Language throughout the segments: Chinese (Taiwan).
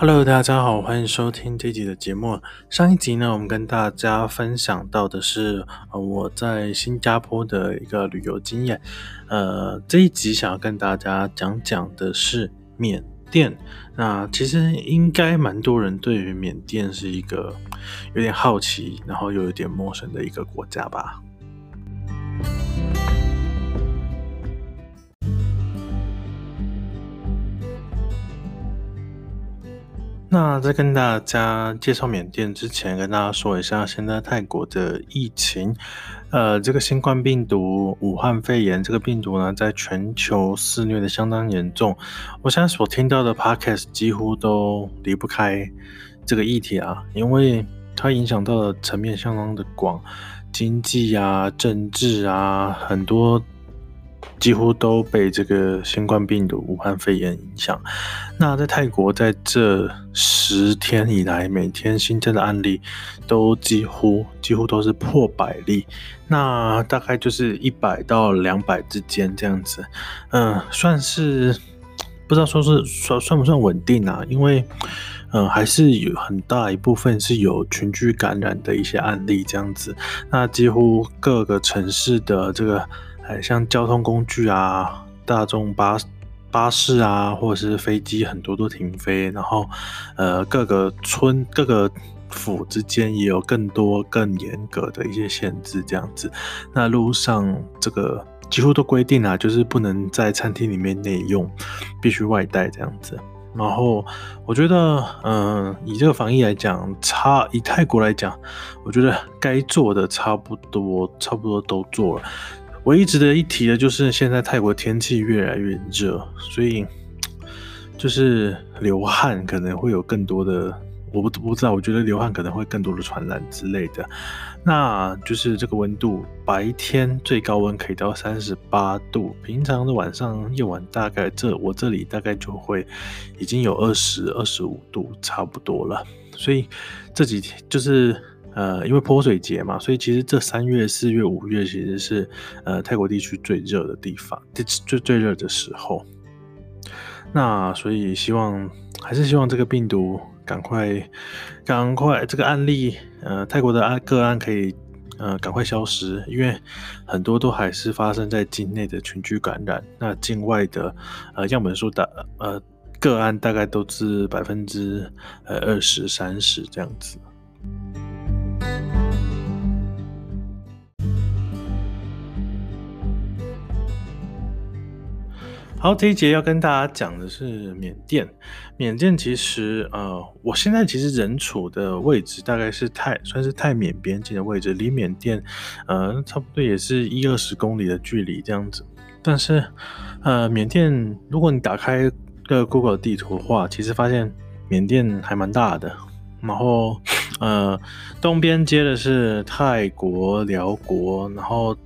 Hello，大家好，歡迎收聽這集的節目。上一集呢，我們跟大家分享到的是我在新加坡的一個旅遊經驗。呃，這一集想要跟大家講講的是緬甸。那其實應該蠻多人對於緬甸是一個有點好奇，然後又有點陌生的一個國家吧。那在跟大家介紹緬甸之前，跟大家說一下現在泰國的疫情。呃，這個新冠病毒、武漢肺炎這個病毒呢，在全球肆虐得相當嚴重。我現在所聽到的 podcast 幾乎都離不開這個議題啊，因為它影響到的層面相當的廣，經濟啊、政治啊，很多。幾乎都被這個新冠病毒、武漢肺炎影響。那在泰國，在這十天以來，每天新增的案例都幾乎幾乎都是破百例，那大概就是一百到兩百之間這樣子。嗯，算是不知道說是算算不算穩定啊？因為嗯，還是有很大一部分是有群聚感染的一些案例這樣子。那幾乎各個城市的這個。像交通工具啊，大眾巴巴士啊，或者是飛機，很多都停飛。然後，呃，各個村、各個府之間也有更多、更嚴格的一些限制，這樣子。那路上這個幾乎都規定了啊，就是不能在餐廳裡面內用，必須外帶這樣子。然後，我覺得，嗯，呃，以這個防疫來講，差以泰國來講，我覺得該做的差不多，差不多都做了。我唯一值得一提的就是，現在泰國天氣越來越熱，所以就是流汗可能會有更多的，我不不知道，我覺得流汗可能會更多的傳染之類的。那就是這個溫度，白天最高溫可以到三十八度，平常的晚上夜晚大概這我這裡大概就會已經有二十二十五度差不多了，所以這幾天就是。呃，因為潑水節嘛，所以其實這三月、四月、五月其實是呃泰國地區最熱的地方，最最最熱的時候。那所以希望還是希望這個病毒趕快趕快這個案例，呃，泰國的個案可以呃趕快消失，因為很多都還是發生在境內的群聚感染。那境外的呃樣本數的呃個案大概都是百分之呃二十三十這樣子。好，這一節要跟大家講的是緬甸。緬甸其實，呃，我現在其實人處的位置大概是泰，算是泰緬邊境的位置，離緬甸，呃，差不多也是一二十公里的距離這樣子。但是，呃，緬甸如果你打開個 Google 地圖的話，其實發現緬甸還蠻大的。然後，呃，東邊接的是泰國、寮國，然後。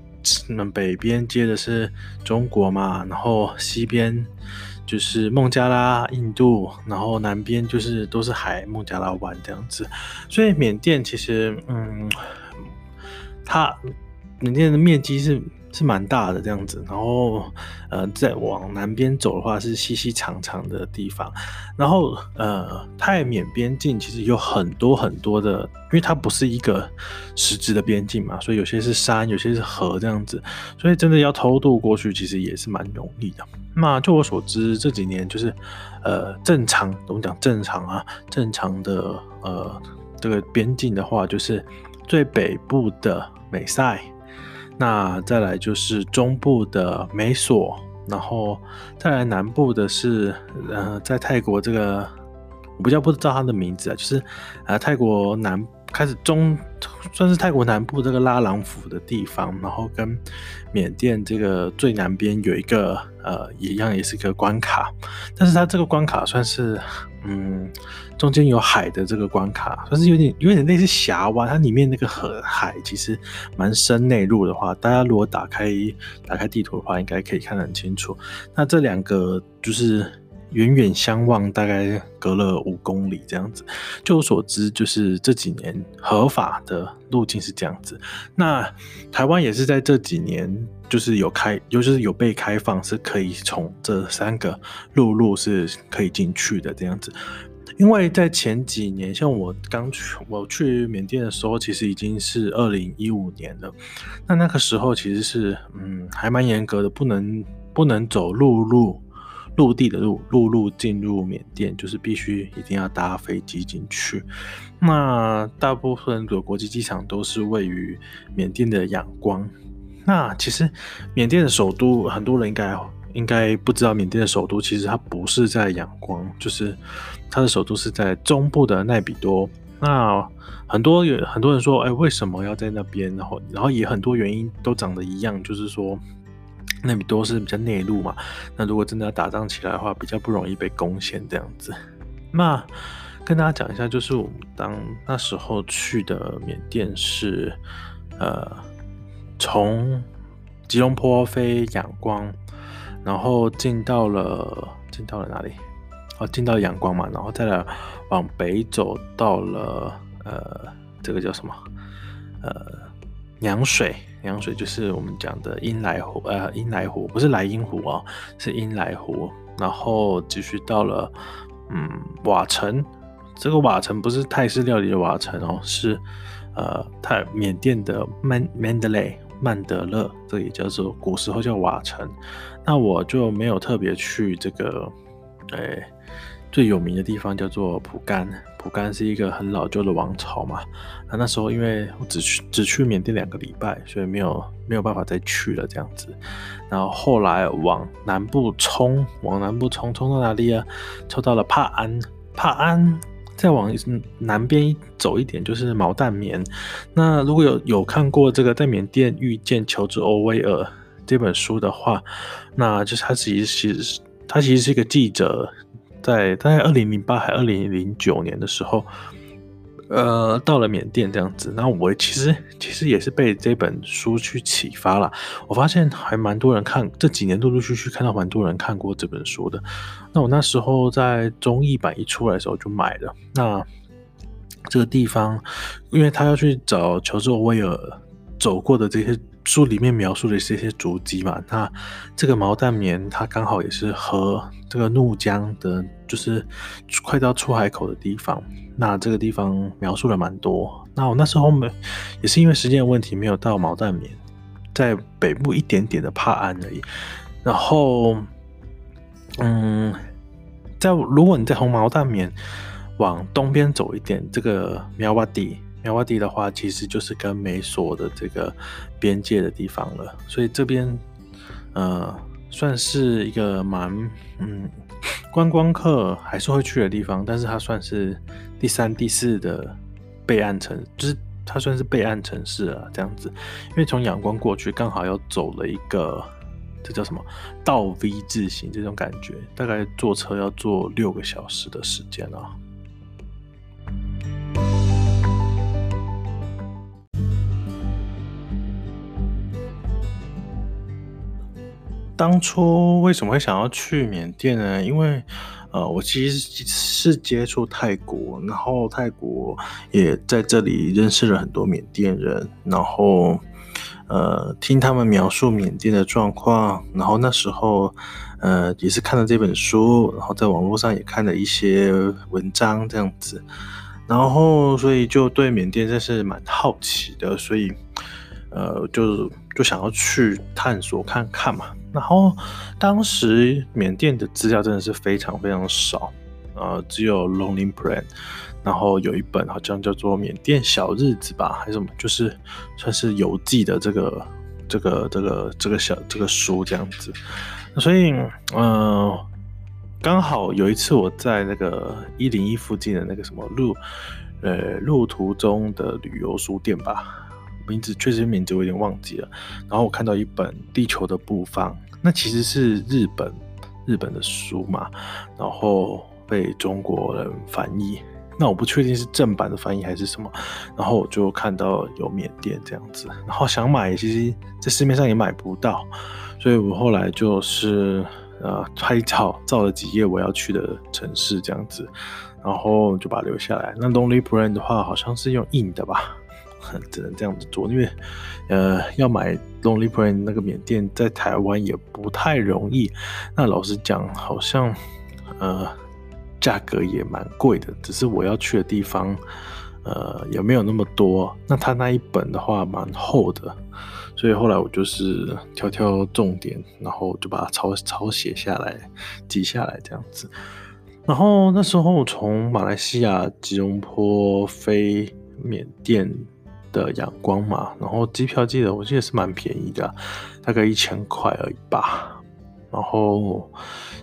那北邊接的是中國嘛，然後西邊就是孟加拉、印度，然後南邊就是都是海，孟加拉灣這樣子。所以緬甸其實，嗯，它緬甸的面積是。是蠻大的這樣子，然後呃，再往南邊走的話是細細長長的地方，然後呃，泰緬邊境其實有很多很多的，因為它不是一個實質的邊境嘛，所以有些是山，有些是河這樣子，所以真的要偷渡過去其實也是蠻容易的。那據我所知，這幾年就是呃，正常我們講正常啊，正常的呃，這個邊境的話就是最北部的美塞。那再來就是中部的美索，然後再來南部的是，呃，在泰國這個，我比較不知道它的名字啊，就是，呃，泰國南。開始中算是泰國南部這個拉廊府的地方，然後跟緬甸這個最南邊有一個呃，一樣也是一個關卡，但是它這個關卡算是嗯，中間有海的這個關卡，算是有點有點類似峽灣，它裡面那個河海其實蠻深，內陸的話，大家如果打開打開地圖的話，應該可以看得很清楚。那這兩個就是。遠遠相望，大概隔了五公里這樣子。據我所知，就是這幾年合法的路徑是這樣子。那台灣也是在這幾年，就是有開，尤其是有被開放，是可以從這三個陸路是可以進去的這樣子。因為在前幾年，像我剛去，我去緬甸的時候，其實已經是二零一五年了。那那個時候其實是，嗯，還蠻嚴格的，不能不能走陸路。陸地的陸陸路進入緬甸，就是必須一定要搭飛機進去。那大部分的國際機場都是位於緬甸的仰光。那其實緬甸的首都，很多人應該應該不知道，緬甸的首都其實它不是在仰光，就是它的首都是在中部的奈比多。那很多有很多人說，哎，為什麼要在那邊？然後然後也很多原因都長得一樣，就是說。內比多是比較內陸嘛，那如果真的要打仗起來的話，比較不容易被攻陷這樣子。那跟大家講一下，就是我們當那時候去的緬甸是，呃，從吉隆坡飛仰光，然後進到了進到了哪裡？哦，進到仰光嘛，然後再來往北走到了呃，這個叫什麼？呃，涼水。涼水就是我們講的茵萊湖，呃，茵萊湖不是萊茵湖哦、喔，是茵萊湖。然後繼續到了，嗯，瓦城。這個瓦城不是泰式料理的瓦城哦、喔，是呃泰緬甸的曼曼德勒，曼德勒，這裡也叫做古時候叫瓦城。那我就沒有特別去這個，哎、欸，最有名的地方叫做蒲甘。蒲甘是一個很老舊的王朝嘛，那那時候因為我只去只去緬甸兩個禮拜，所以沒有沒有辦法再去了這樣子。然後後來往南部衝，往南部衝，衝到哪裡啊？衝到了帕安，帕安。再往南邊走一點，就是毛淡棉。那如果有有看過這個在緬甸遇見喬治歐威爾這本書的話，那就是他其實其實他其實是一個記者。在大概二零零八還二零零九年的時候，呃，到了緬甸這樣子。那我其實其實也是被這本書去啟發了。我發現還蠻多人看，這幾年陸陸續續看到蠻多人看過這本書的。那我那時候在中譯版一出來的時候就買了。那這個地方，因為他要去找喬治威爾走過的這些。書裡面描述的是一些足跡嘛，那這個毛淡棉，它剛好也是和這個怒江的，就是快到出海口的地方。那這個地方描述了蠻多。那我那時候沒，也是因為時間的問題，沒有到毛淡棉，在北部一點點的帕安而已。然後，嗯，在如果你在紅毛淡棉往東邊走一點，這個妙瓦底。苗瓦迪的話，其實就是跟美索的這個邊界的地方了，所以這邊呃算是一個蠻嗯觀光客還是會去的地方，但是它算是第三、第四的備案城，就是它算是備案城市啊，這樣子。因為從仰光過去，剛好要走了一個這叫什麼倒 V 字形這種感覺，大概坐車要坐六個小時的時間啊。當初為什麼會想要去緬甸呢？因為，呃，我其實是接觸泰國，然後泰國也在這裡認識了很多緬甸人，然後，呃，聽他們描述緬甸的狀況，然後那時候，呃，也是看了這本書，然後在網絡上也看了一些文章這樣子，然後所以就對緬甸真是蠻好奇的，所以，呃，就就想要去探索看看嘛。然後當時緬甸的資料真的是非常非常少，呃，只有 Lonely p l a n d 然後有一本好像叫做《緬甸小日子》吧，還是什麼，就是算是遊記的這個、這個、這個、這個小這個書這樣子。所以，嗯、呃，剛好有一次我在那個一零一附近的那個什麼路，呃，路途中的旅遊書店吧。名字確實名字我有點忘記了，然後我看到一本《地球的步方》，那其實是日本日本的書嘛，然後被中國人翻譯，那我不確定是正版的翻譯還是什麼，然後我就看到有緬甸這樣子，然後想買，其實在市面上也買不到，所以我後來就是呃拍照照了幾頁我要去的城市這樣子，然後就把它留下來。那 Lonely Planet 的話好像是用印的吧。只能這樣子做，因為，呃，要買 Lonely Planet 那個緬甸在台灣也不太容易。那老實講，好像，呃，價格也蠻貴的。只是我要去的地方，呃，也沒有那麼多。那他那一本的話蠻厚的，所以後來我就是挑挑重點，然後就把它抄抄寫下來，記下來這樣子。然後那時候我從馬來西亞吉隆坡飛緬甸。的陽光嘛，然後機票記得，我記得是蠻便宜的，大概一千塊而已吧。然後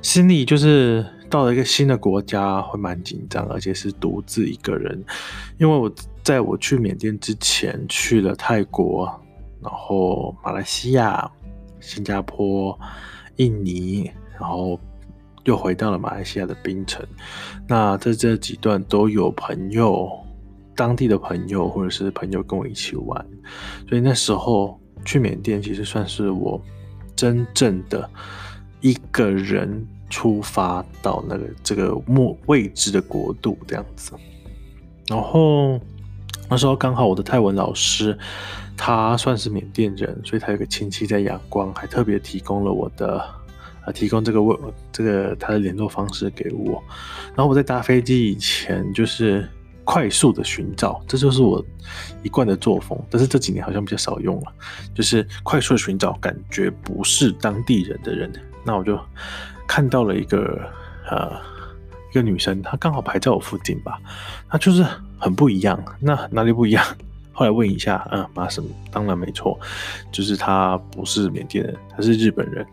心裡就是到了一個新的國家會蠻緊張，而且是獨自一個人。因為我在我去緬甸之前去了泰國，然後馬來西亞、新加坡、印尼，然後又回到了馬來西亞的檳城。那在這幾段都有朋友。當地的朋友或者是朋友跟我一起玩，所以那時候去緬甸其實算是我真正的一個人出發到那個這個末未知的國度這樣子。然後那時候剛好我的泰文老師他算是緬甸人，所以他有個親戚在仰光，還特別提供了我的啊提供這個問這個他的聯絡方式給我。然後我在搭飛機以前就是。快速的尋找，這就是我一貫的作風。但是這幾年好像比較少用了，就是快速的尋找感覺不是當地人的人，那我就看到了一個呃一個女生，她剛好排在我附近吧，她就是很不一樣。那哪裡不一樣？後來問一下，嗯、呃，馬什麼，當然沒錯，就是她不是緬甸人，她是日本人，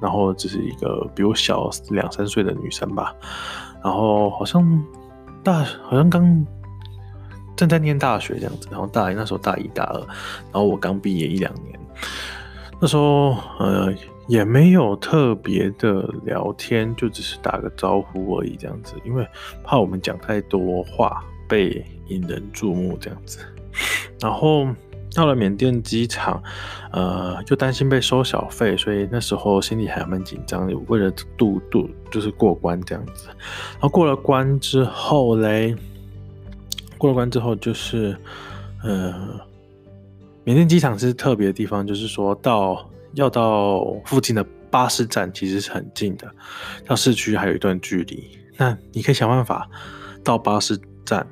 然後只是一個比我小兩三歲的女生吧，然後好像大好像剛。正在念大學這樣子，然後大一那時候大一大二，然後我剛畢業一兩年，那時候呃也沒有特別的聊天，就只是打個招呼而已這樣子，因為怕我們講太多話被引人注目這樣子。然後到了緬甸機場，呃，就擔心被收小費，所以那時候心裡還蠻緊張的，為了度度就是過關這樣子。然後過了關之後嘞。過了關之後，就是，呃，緬甸機場是特別的地方，就是說到要到附近的巴士站，其實是很近的，到市區還有一段距離。那你可以想辦法到巴士站，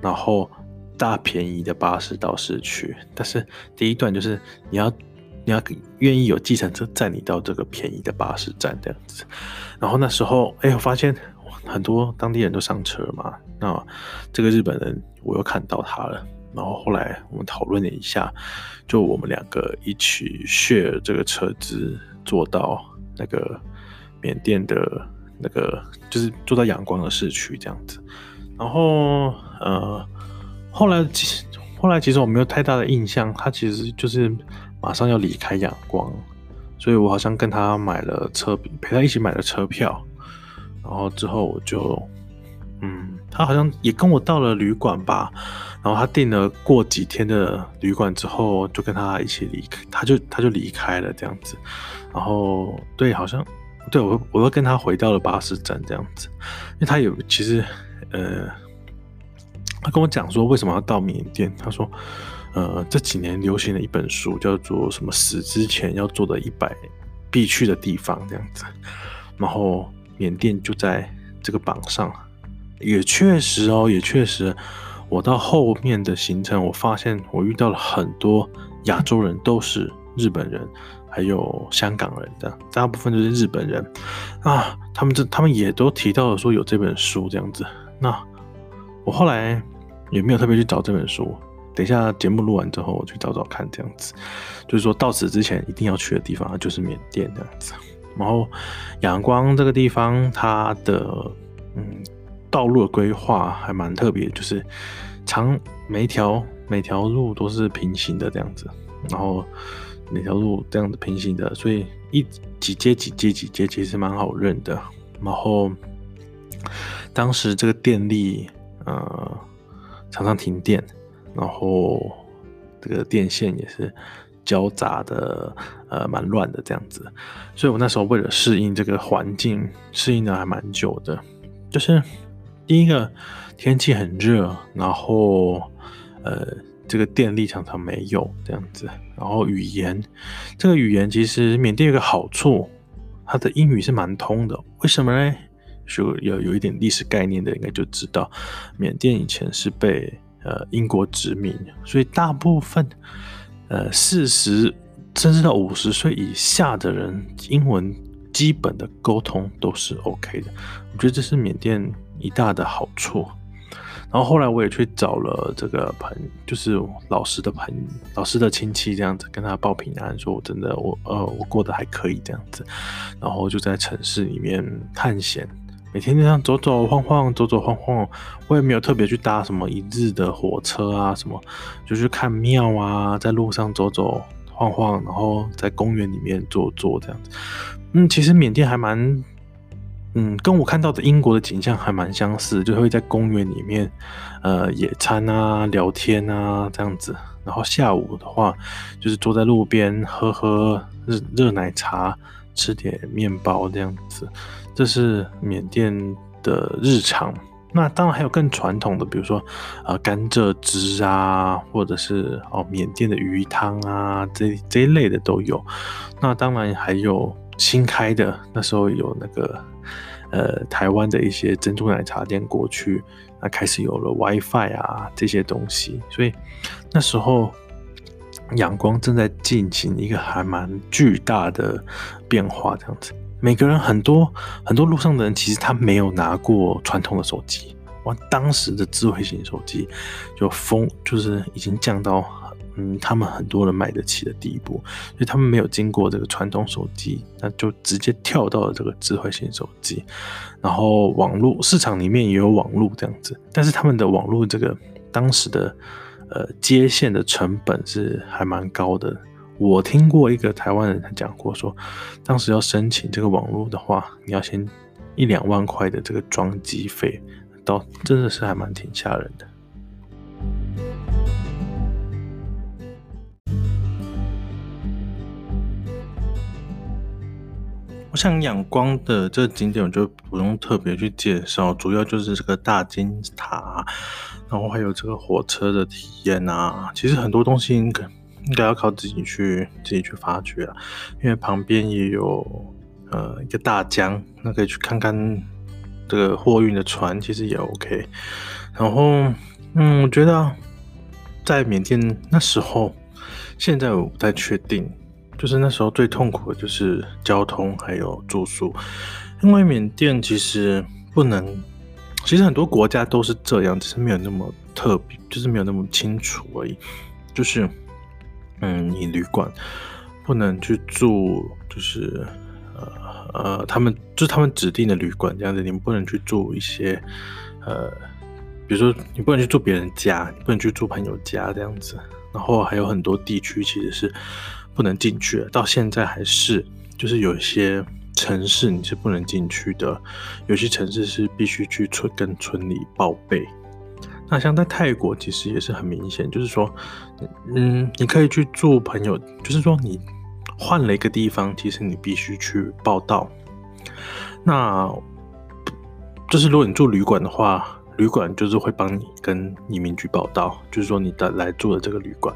然後搭便宜的巴士到市區。但是第一段就是你要你要願意有計程車載你到這個便宜的巴士站這樣子。然後那時候，哎、欸，我發現很多當地人都上車嘛。那這個日本人我又看到他了，然後後來我們討論了一下，就我們兩個一起 share 這個車子，坐到那個緬甸的那個，就是坐到仰光的市區這樣子。然後呃，後來後來其實我沒有太大的印象，他其實就是馬上要離開仰光，所以我好像跟他買了車陪，他一起買了車票，然後之後我就。他好像也跟我到了旅館吧，然後他訂了過幾天的旅館之後，就跟他一起離開，他就他就離開了這樣子。然後對，好像對我我又跟他回到了巴士站這樣子，因為他有其實呃，他跟我講說為什麼要到緬甸，他說呃這幾年流行的一本書叫做什麼死之前要做的一百必去的地方這樣子，然後緬甸就在這個榜上。也確實哦，也確實，我到後面的行程，我發現我遇到了很多亞洲人，都是日本人，還有香港人這樣，大部分都是日本人啊。他們這他們也都提到了說有這本書這樣子。那我後來也沒有特別去找這本書，等一下節目錄完之後，我去找找看這樣子。就是說到此之前一定要去的地方，就是緬甸這樣子。然後仰光這個地方，它的嗯。道路的規劃還蠻特別，就是長每一條每條路都是平行的這樣子，然後每條路這樣子平行的，所以一幾街幾街幾街，其實蠻好認的。然後當時這個電力，呃，常常停電，然後這個電線也是交雜的，呃，蠻亂的這樣子。所以我那時候為了適應這個環境，適應的還蠻久的，就是。第一個天氣很熱，然後呃，這個電力常常沒有這樣子。然後語言，這個語言其實緬甸有個好處，它的英語是蠻通的。為什麼呢？就要有，有一點歷史概念的，應該就知道，緬甸以前是被呃英國殖民，所以大部分呃四十甚至到五十歲以下的人，英文基本的溝通都是 OK 的。我覺得這是緬甸。一大的好處，然後後來我也去找了這個朋，就是老師的朋，老師的親戚這樣子，跟他報平安，說我真的我呃我過得還可以這樣子，然後就在城市裡面探險，每天就這樣走走晃晃，走走晃晃，我也沒有特別去搭什麼一日的火車啊什麼，就去看廟啊，在路上走走晃晃，然後在公園裡面坐坐這樣子，嗯，其實緬甸還蠻。嗯，跟我看到的英國的景象還蠻相似，就會在公園裡面，呃，野餐啊，聊天啊，這樣子。然後下午的話，就是坐在路邊喝喝熱熱奶茶，吃點麵包這樣子。這是緬甸的日常。那當然還有更傳統的，比如說啊、呃，甘蔗汁啊，或者是哦，緬甸的魚湯啊，這一這一類的都有。那當然還有新開的，那時候有那個。呃，臺灣的一些珍珠奶茶店過去，那、啊、開始有了 WiFi 啊這些東西，所以那時候仰光正在進行一個還蠻巨大的變化，這樣子，每個人，很多很多路上的人其實他沒有拿過傳統的手機，當時的智慧型手機就風就是已經降到。嗯，他們很多人買得起的地步，所以他們沒有經過這個傳統手機，那就直接跳到了這個智慧型手機，然後網絡市場裡面也有網絡這樣子，但是他們的網絡這個當時的呃接線的成本是還蠻高的。我聽過一個台灣人他講過說，說當時要申請這個網絡的話，你要先一兩萬塊的這個裝機費，倒真的是還蠻挺嚇人的。我想仰光的這個景點，我就不用特別去介紹，主要就是這個大金塔，然後還有這個火車的體驗啊。其實很多東西應該應該要靠自己去自己去發掘，因為旁邊也有呃一個大江，那可以去看看這個貨運的船，其實也 OK。然後嗯，我覺得在緬甸那時候，現在我不太確定。就是那時候最痛苦的就是交通還有住宿，因為緬甸其實不能，其實很多國家都是這樣，只是沒有那麼特別，就是沒有那麼清楚而已。就是，嗯，你旅館不能去住，就是呃呃，他們就是他們指定的旅館這樣子，你們不能去住一些呃，比如說你不能去住別人家，不能去住朋友家這樣子。然後還有很多地區其實是。不能進去，到現在還是就是有些城市你是不能進去的，有些城市是必須去村跟村裡報備。那像在泰國，其實也是很明顯，就是說，嗯，你可以去住朋友，就是說你換了一個地方，其實你必須去報到。那，就是如果你住旅館的話，旅館就是會幫你跟移民局報到，就是說你的來住的這個旅館。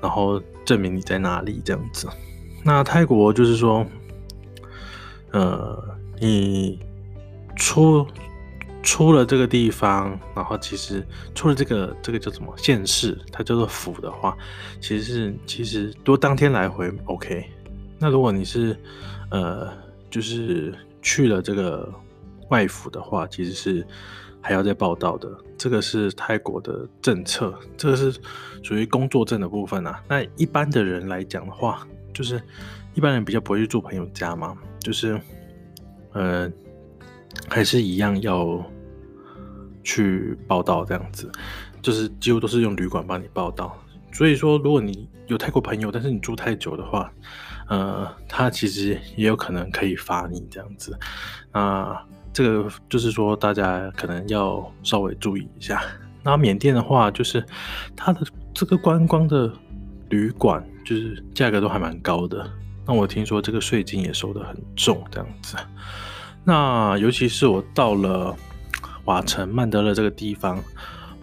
然後證明你在哪裡這樣子，那泰國就是說，呃，你出出了這個地方，然後其實出了這個這個叫什麼縣市，它叫做府的話，其實是其實多當天來回 OK。那如果你是呃，就是去了這個外府的話，其實是。還要再報到的。這個是泰國的政策，這個是屬於工作證的部分啊。那一般的人來講的話，就是一般人比較不會去住朋友家嘛，就是呃，還是一樣要去報到這樣子，就是幾乎都是用旅館幫你報到。所以說，如果你有泰國朋友，但是你住太久的話，呃，他其實也有可能可以罰你這樣子，那、呃。這個就是說，大家可能要稍微注意一下。那緬甸的話，就是它的這個觀光的旅館，就是價格都還蠻高的。那我聽說這個稅金也收得很重，這樣子。那尤其是我到了瓦城曼德勒這個地方，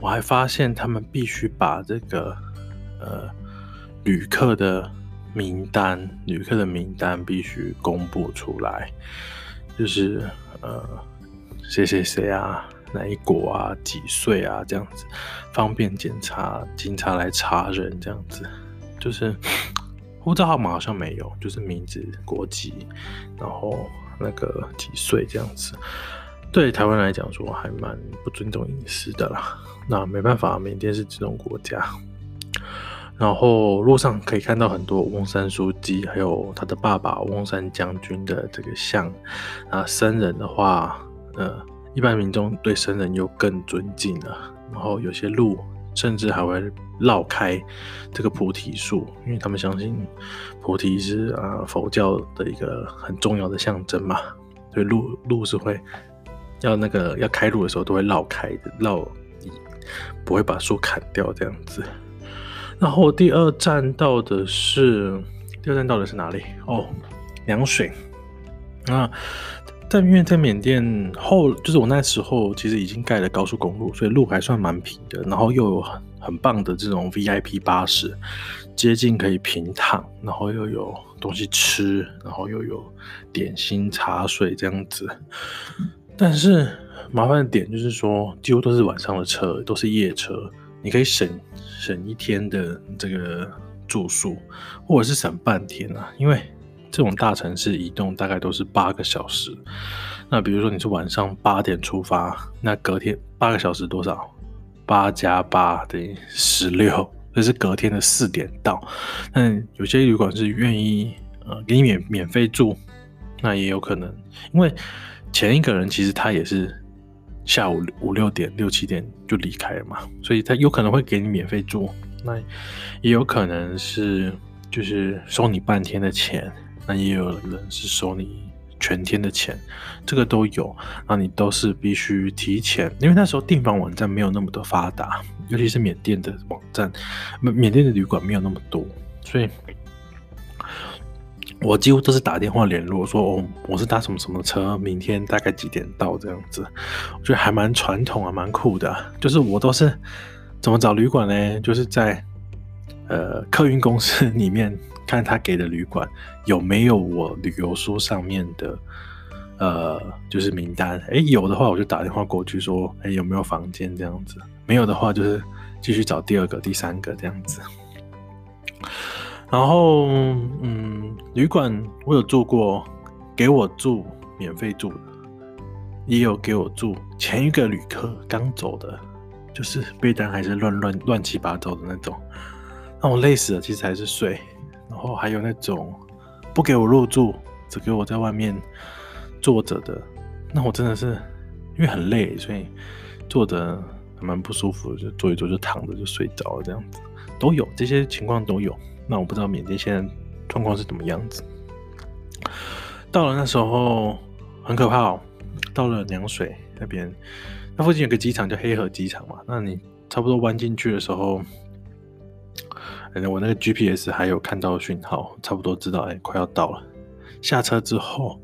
我還發現他們必須把這個呃旅客的名單，旅客的名單必須公布出來，就是。呃，誰誰誰啊，哪一國啊，幾歲啊，這樣子方便檢查，警察來查人這樣子，就是護照號碼好像沒有，就是名字、國籍，然後那個幾歲這樣子。對台灣來講說，還蠻不尊重隱私的啦。那沒辦法，緬甸是這種國家。然後路上可以看到很多翁山蘇姬，還有他的爸爸翁山將軍的這個像。啊，僧人的話，呃，一般民眾對僧人又更尊敬了。然後有些路甚至還會繞開這個菩提樹，因為他們相信菩提是啊、呃、佛教的一個很重要的象徵嘛。所以路路是會要那個要開路的時候都會繞開的，繞不會把樹砍掉這樣子。然後第二站到的是，第二站到的是哪裡？哦，涼水。那但因為在緬甸後，就是我那時候其實已經蓋了高速公路，所以路還算蠻平的。然後又有很很棒的這種 VIP 巴士，接近可以平躺，然後又有東西吃，然後又有點心茶水這樣子。但是麻煩的點就是說，幾乎都是晚上的車，都是夜車，你可以省。省一天的這個住宿，或者是省半天啊，因為這種大城市移動大概都是八個小時。那比如說你是晚上八點出發，那隔天八個小時多少？八加八等於十六，這是隔天的四點到。但，有些旅館是願意呃給你免免費住，那也有可能，因為前一個人其實他也是。下午五六點、六七點就離開了嘛，所以他有可能會給你免費住，那也有可能是就是收你半天的錢，那也有人是收你全天的錢，這個都有。那你都是必須提前，因為那時候訂房網站沒有那麼多發達，尤其是緬甸的網站，緬甸的旅館沒有那麼多，所以。我幾乎都是打電話聯絡，說哦，我是搭什麼什麼車，明天大概幾點到這樣子，我覺得還蠻傳統啊，蠻酷的。就是我都是怎麼找旅館呢？就是在呃客運公司裡面看他給的旅館有沒有我旅遊書上面的呃就是名單，哎、欸、有的話我就打電話過去說，哎、欸、有沒有房間這樣子，沒有的話就是繼續找第二個、第三個這樣子。然後，嗯，旅館我有住過，給我住免費住的，也有給我住前一個旅客剛走的，就是被單還是亂亂亂七八糟的那種，那我累死了，其實還是睡。然後還有那種不給我入住，只給我在外面坐着的，那我真的是因為很累，所以坐着還蠻不舒服，就坐一坐就躺着就睡着了，這樣子。都有，這些情況都有。那我不知道緬甸現在狀況是怎麼樣子。到了那時候很可怕，哦，到了涼水那邊，那附近有個機場叫黑河機場嘛。那你差不多彎進去的時候，哎，我那個 GPS 還有看到訊號，差不多知道哎快要到了。下車之後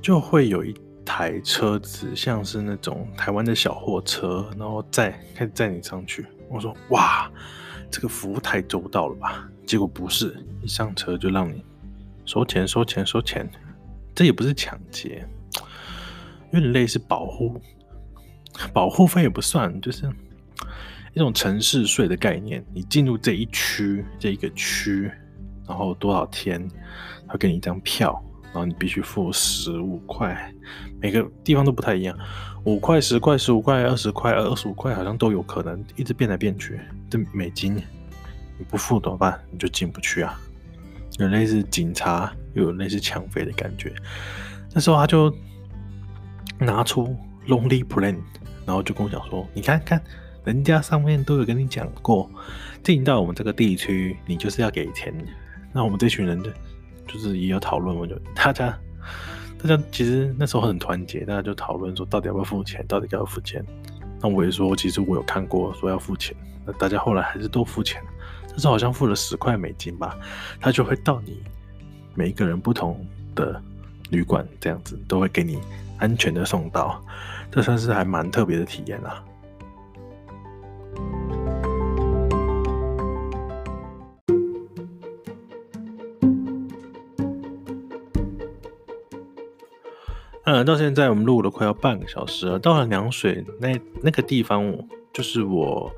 就會有一台車子，像是那種台灣的小貨車，然後載開始載你上去。我說哇，這個服務太周到了吧！結果不是，一上車就讓你收錢收錢收錢，這也不是搶劫，因為類似保護保護費也不算，就是一種城市稅的概念。你進入這一區這一個區，然後多少天，他給你一張票，然後你必須付十五塊。每個地方都不太一樣，五塊、十塊、十五塊、二十塊、二十五塊，好像都有可能，一直變來變去，這美金。你不付怎麼辦？你就進不去啊！有類似警察，又有類似搶匪的感覺。那時候他就拿出 Lonely Planet，然後就跟我講說：“你看看，人家上面都有跟你講過，進到我們這個地區，你就是要給錢。”那我們這群人就就是也有討論，我就大家大家其實那時候很團結，大家就討論說到底要不要付錢，到底要不要付錢？那我也說，其實我有看過說要付錢。那大家後來還是都付錢。但是好像付了十塊美金吧，他就會到你每一個人不同的旅館，這樣子都會給你安全的送到，這算是還蠻特別的體驗啊。嗯，到現在我們錄了快要半個小時了，到了涼水那那個地方，就是我。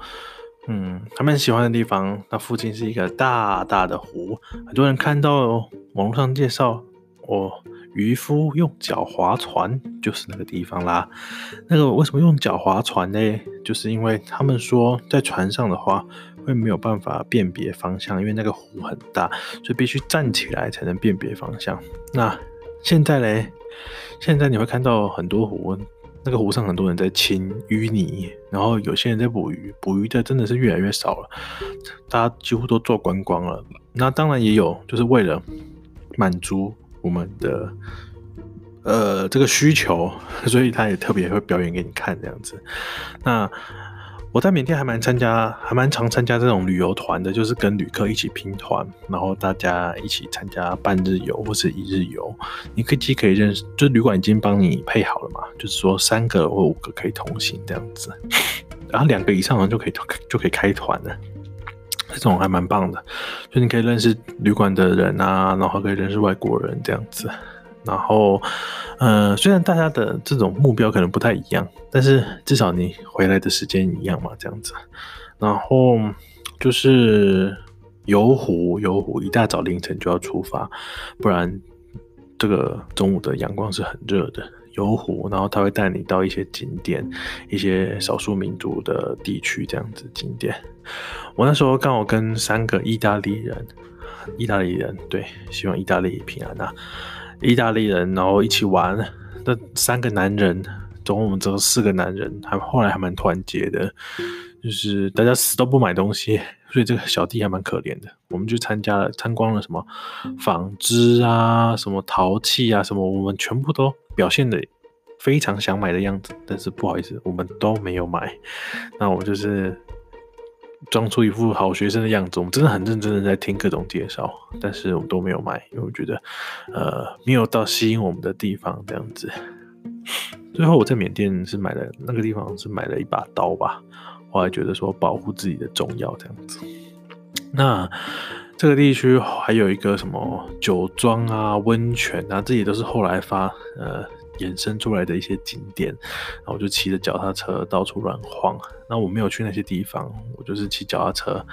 嗯，他們喜歡的地方，那附近是一個大大的湖，很多人看到，哦，網絡上介紹哦，漁夫用腳划船，就是那個地方啦。那個為什麼用腳划船呢？就是因為他們說在船上的話會沒有辦法辨別方向，因為那個湖很大，所以必須站起來才能辨別方向。那現在嘞，現在你會看到很多湖。那個湖上很多人在清淤泥，然後有些人在捕魚，捕魚的真的是越來越少了，大家幾乎都做觀光了。那當然也有，就是為了滿足我們的呃這個需求，所以他也特別會表演給你看這樣子。那。我在緬甸還蠻參加，還蠻常參加這種旅遊團的，就是跟旅客一起拼團，然後大家一起參加半日遊或是一日遊。你可以可以認識，就是旅館已經幫你配好了嘛，就是說三個或五個可以同行這樣子，然後兩個以上呢就可以就可以開團了。這種還蠻棒的，就你可以認識旅館的人啊，然後可以認識外國人這樣子。然後，嗯、呃，雖然大家的這種目標可能不太一樣，但是至少你回來的時間一樣嘛，這樣子。然後就是遊湖，遊湖，一大早凌晨就要出發，不然這個中午的陽光是很熱的。遊湖，然後他會帶你到一些景點，一些少數民族的地區這樣子景點。我那時候剛好跟三個意大利人，意大利人，對，希望意大利也平安啊。意大利人，然後一起玩那三個男人，總共我們這四個男人，還後來還蠻團結的，就是大家死都不買東西，所以這個小弟還蠻可憐的。我們去參加了參觀了什麼紡織啊，什麼陶器啊，什麼，我們全部都表現得非常想買的樣子，但是不好意思，我們都沒有買。那我們就是。裝出一副好學生的樣子，我們真的很認真的在聽各種介紹，但是我們都沒有買，因為我覺得，呃，沒有到吸引我們的地方這樣子。最後我在緬甸是買了那個地方，是買了一把刀吧，我還覺得說保護自己的重要這樣子。那這個地區還有一個什麼酒莊啊、溫泉啊，這也都是後來發呃衍生出來的一些景點，然後我就騎着腳踏車到處亂晃。那我沒有去那些地方，我就是騎腳踏車，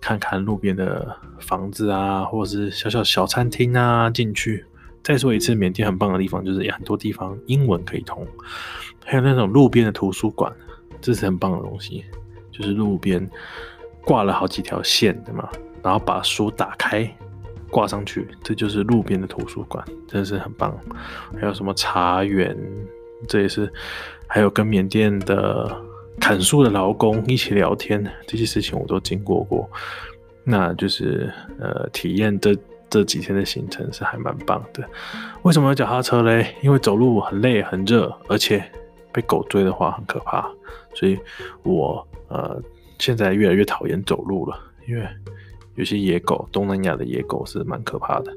看看路邊的房子啊，或者是小小小餐廳啊，進去。再說一次，緬甸很棒的地方就是有很多地方英文可以通，還有那種路邊的圖書館，這是很棒的東西。就是路邊掛了好幾條線的嘛，然後把書打開掛上去，這就是路邊的圖書館，真的是很棒。還有什麼茶園，這也是，還有跟緬甸的。砍樹的勞工一起聊天，這些事情我都經過過。那就是呃，體驗這這幾天的行程是還蠻棒的。為什麼要腳踏車嘞？因為走路很累、很熱，而且被狗追的話很可怕。所以我，我呃現在越來越討厭走路了，因為有些野狗，東南亞的野狗是蠻可怕的。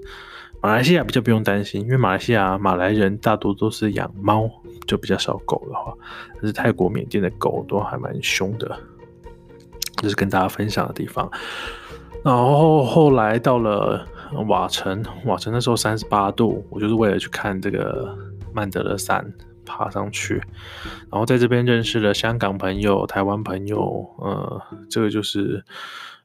馬來西亞比較不用擔心，因為馬來西亞馬來人大多都是養貓，就比較少狗的話。但是泰國、緬甸的狗都還蠻兇的，這、就是跟大家分享的地方。然後後，後來到了瓦城，瓦城那時候三十八度，我就是為了去看這個曼德勒山爬上去。然後在這邊認識了香港朋友、台灣朋友，呃，這個就是。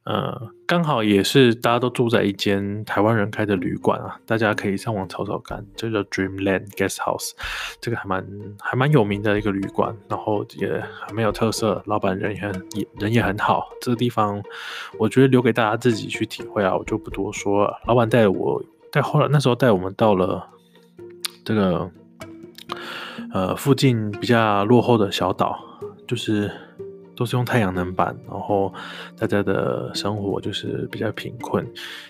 呃，剛好也是大家都住在一間台灣人開的旅館啊，大家可以上網找找看，這個叫 Dreamland Guest House，這個還蠻還蠻有名的一個旅館，然後也還蠻有特色，老闆人也很也人也很好。這個地方我覺得留給大家自己去體會啊，我就不多說了。老闆帶我帶後來那時候帶我們到了這個呃附近比較落後的小島，就是。都是用太陽能板，然後大家的生活就是比較貧困，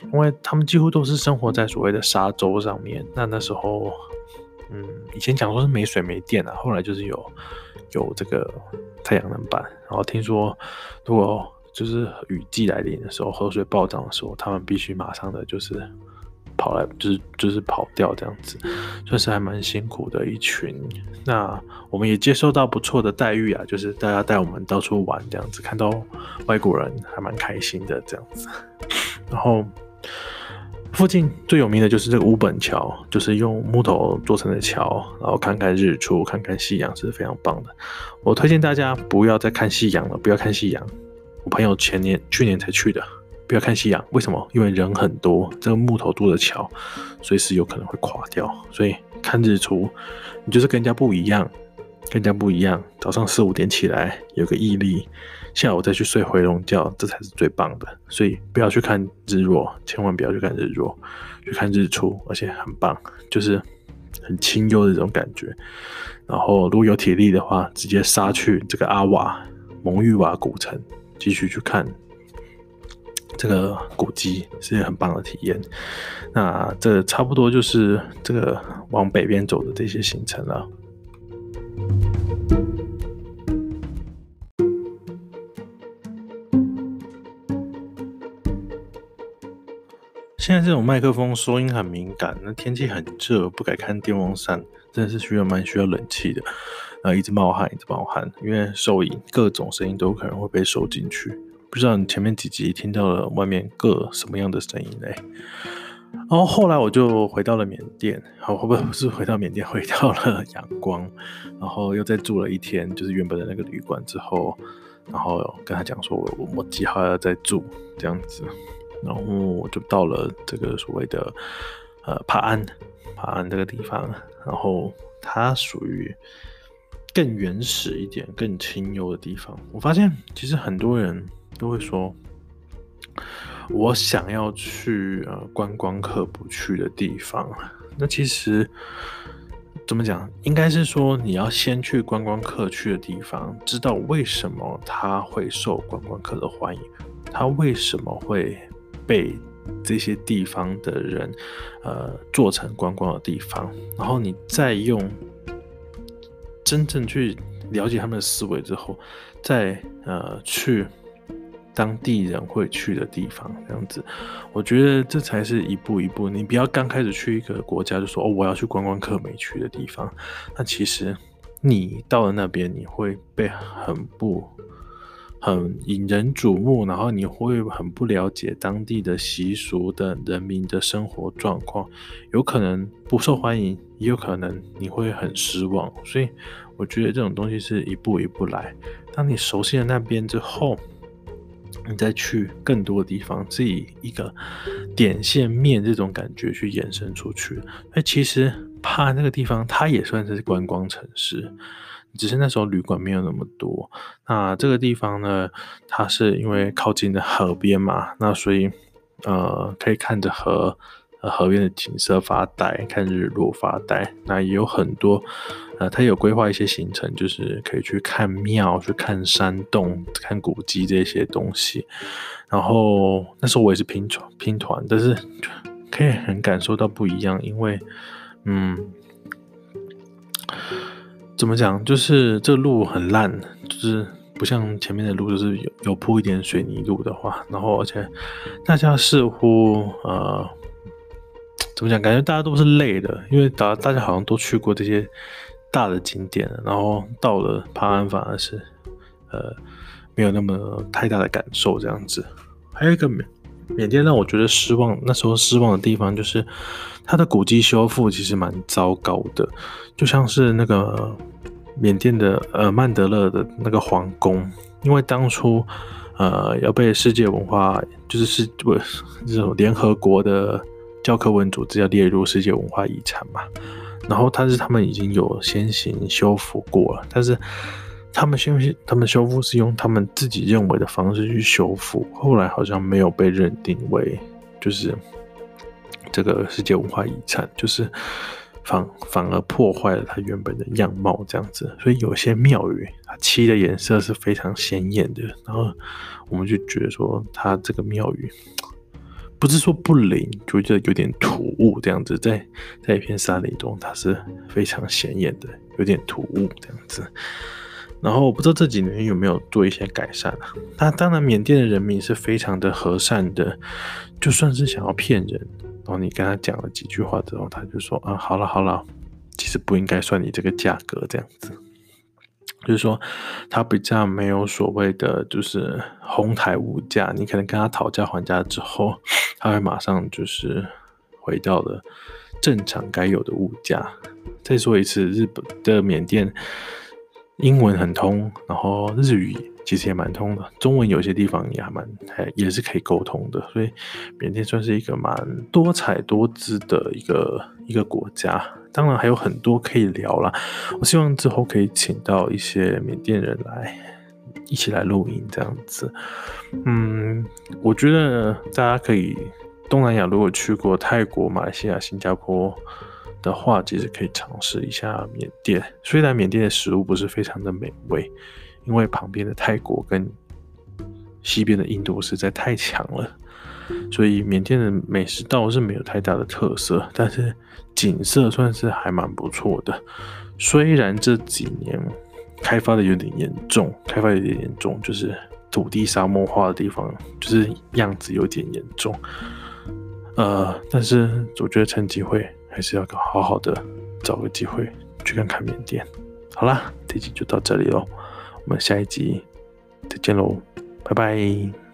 因為他們幾乎都是生活在所謂的沙洲上面。那那時候，嗯，以前講說是沒水沒電啊，後來就是有有這個太陽能板。然後聽說，如果就是雨季來臨的時候，河水暴漲的時候，他們必須馬上的就是。跑來就是就是跑掉這樣子，算是還蠻辛苦的一群。那我們也接受到不錯的待遇啊，就是大家帶我們到處玩這樣子，看到外國人還蠻開心的這樣子。然後附近最有名的就是這個烏本橋，就是用木頭做成的橋，然後看看日出，看看夕陽是非常棒的。我推薦大家不要再看夕陽了，不要看夕陽。我朋友前年、去年才去的。不要看夕陽，為什麼？因為人很多，這個木頭做的橋，隨時有可能會垮掉。所以看日出，你就是跟人家不一樣，跟人家不一樣。早上四五點起來，有個毅力，下午再去睡回籠覺，這才是最棒的。所以不要去看日落，千萬不要去看日落，去看日出，而且很棒，就是很清幽的這種感覺。然後如果有體力的話，直接殺去這個阿瓦蒙育瓦古城，繼續去看。這個古蹟是很棒的體驗。那這差不多就是這個往北邊走的這些行程了。現在這種麥克風收音很敏感，那天氣很熱，不敢開電風扇，真的是需要蠻需要冷氣的。啊，一直冒汗，一直冒汗，因為收音各種聲音都可能會被收進去。不知道你前面幾集聽到了外面各什麼樣的聲音嘞、欸？然後後來我就回到了緬甸，好，不不是回到緬甸，回到了仰光，然後又再住了一天，就是原本的那個旅館之後，然後跟他講說，我我計劃要再住這樣子，然後我就到了這個所謂的呃帕安，帕安這個地方，然後它屬於更原始一點、更清幽的地方。我發現其實很多人。就會說，我想要去呃觀光客不去的地方。那其實怎麼講，應該是說你要先去觀光客去的地方，知道為什麼他會受觀光客的歡迎，他為什麼會被這些地方的人呃做成觀光的地方。然後你再用真正去了解他們的思維之後，再呃去。當地人會去的地方，這樣子，我覺得這才是一步一步。你不要剛開始去一個國家就說哦，我要去觀光客沒去的地方。那其實你到了那邊，你會被很不很引人矚目，然後你會很不了解當地的習俗的人民的生活狀況，有可能不受歡迎，也有可能你會很失望。所以我覺得這種東西是一步一步來。當你熟悉了那邊之後，你再去更多的地方，是以一個點、線、面這種感覺去延伸出去。那其實，帕那個地方它也算是觀光城市，只是那時候旅館沒有那麼多。那這個地方呢，它是因為靠近的河邊嘛，那所以呃，可以看着河。河邊的景色發呆，看日落發呆。那也有很多，呃，他有規劃一些行程，就是可以去看廟、去看山洞、看古跡這些東西。然後那時候我也是拼團，拼團，但是可以很感受到不一樣，因為，嗯，怎麼講，就是這路很爛，就是不像前面的路，就是有有鋪一點水泥路的話。然後，而且大家似乎，呃。怎麼講？感覺大家都是累的，因為大大家好像都去過這些大的景點，然後到了帕安反而是呃沒有那麼太大的感受這樣子。還有一個緬緬甸讓我覺得失望，那時候失望的地方就是它的古蹟修復其實蠻糟糕的，就像是那個緬甸的呃曼德勒的那個皇宮，因為當初呃要被世界文化就是世這個這種聯合國的。教科文組織要列入世界文化遺產嘛，然後他是他們已經有先行修復過了，但是他們修他們修復是用他們自己認為的方式去修復，後來好像沒有被認定為就是這個世界文化遺產，就是反反而破壞了它原本的樣貌這樣子。所以有些廟宇它漆的顏色是非常鮮豔的，然後我們就覺得說它這個廟宇。不是說不靈，就覺得有點突兀，這樣子，在在一片山林中，它是非常顯眼的，有點突兀這樣子。然後我不知道這幾年有沒有做一些改善。那當然，緬甸的人民是非常的和善的，就算是想要騙人，然後你跟他講了幾句話之後，他就說啊，好了好了，其實不應該算你這個價格這樣子。就是說，他比較沒有所謂的，就是哄抬物價。你可能跟他討價還價之後，他會馬上就是回到了正常該有的物價。再說一次，日本的緬甸，英文很通，然後日語。其實也蠻通的，中文有些地方也還蠻，也是可以溝通的。所以緬甸算是一個蠻多彩多姿的一個一個國家，當然還有很多可以聊啦。我希望之後可以請到一些緬甸人來，一起來錄音，這樣子。嗯，我覺得大家可以東南亞，如果去過泰國、馬來西亞、新加坡的話，其實可以嘗試一下緬甸。雖然緬甸的食物不是非常的美味。因為旁邊的泰國跟西邊的印度實在太強了，所以緬甸的美食倒是沒有太大的特色，但是景色算是還蠻不錯的。雖然這幾年開發的有點嚴重，開發有點嚴重，就是土地沙漠化的地方，就是樣子有點嚴重。呃，但是我覺得趁機會還是要好好的找個機會去看看緬甸好啦。好了，這集就到這裡嘍。我們下一集再見嘍，拜拜。